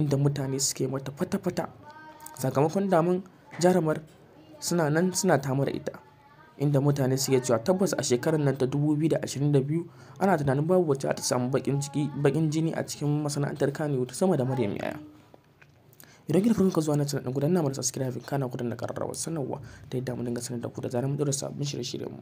inda mutane suke mata fata-fata. Sakamakon damun jarumar suna nan suna ta mara ita inda mutane suke cewa tabbas a shekarar nan ta 2022 ana tunanin babu wacce ta samu bakin jini a cikin masana'antar ta sama da Maryam Yaya. Idan kika farka zuwa nan sanadin gudanar marasa subscribe kana ku da ƙararrawar sanarwa ta yadda mu dinga sanar da ku da zarar mun dora sabbin shirye shiryen mu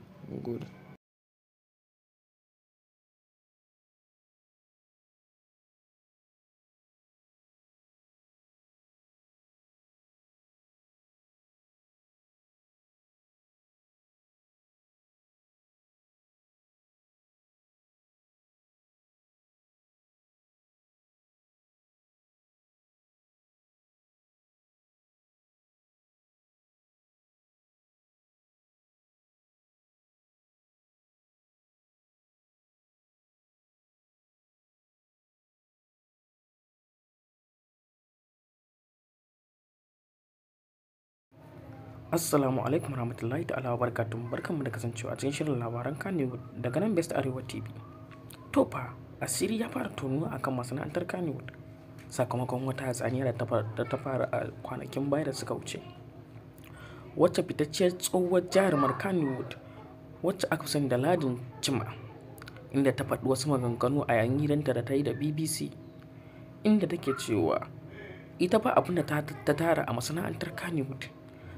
Assalamu alaikum warahmatullahi ta'ala wa barkatun barkanmu da kasancewa a cikin shirin labaran Kanewood daga nan Best Arewa TV. Tofa, asiri ya fara tonuwa kan masana'antar Kanewood sakamakon wata hatsaniya da ta fara a kwanakin baya da suka wuce. Wacce fitacciyar tsohuwar jarumar Kanewood wacce aka sani da Ladin Cima inda ta faɗi wasu maganganu a yayin hidanta da ta yi da BBC inda take cewa ita ba abin da ta tara a masana'antar Kanewood.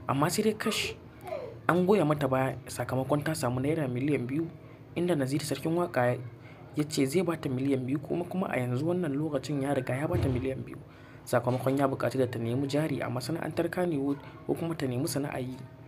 Amma sai dai kash an goya mata baya sakamakon ta samu naira miliyan biyu inda Naziru sarkin waka ya ce zai bata miliyan biyu kuma kuma a yanzu wannan lokacin ya riga ya bata miliyan biyu. Sakamakon ya bukaci da ta nemi jari a masana'antar Kannywood ko kuma ta nemi sana'ayi yi.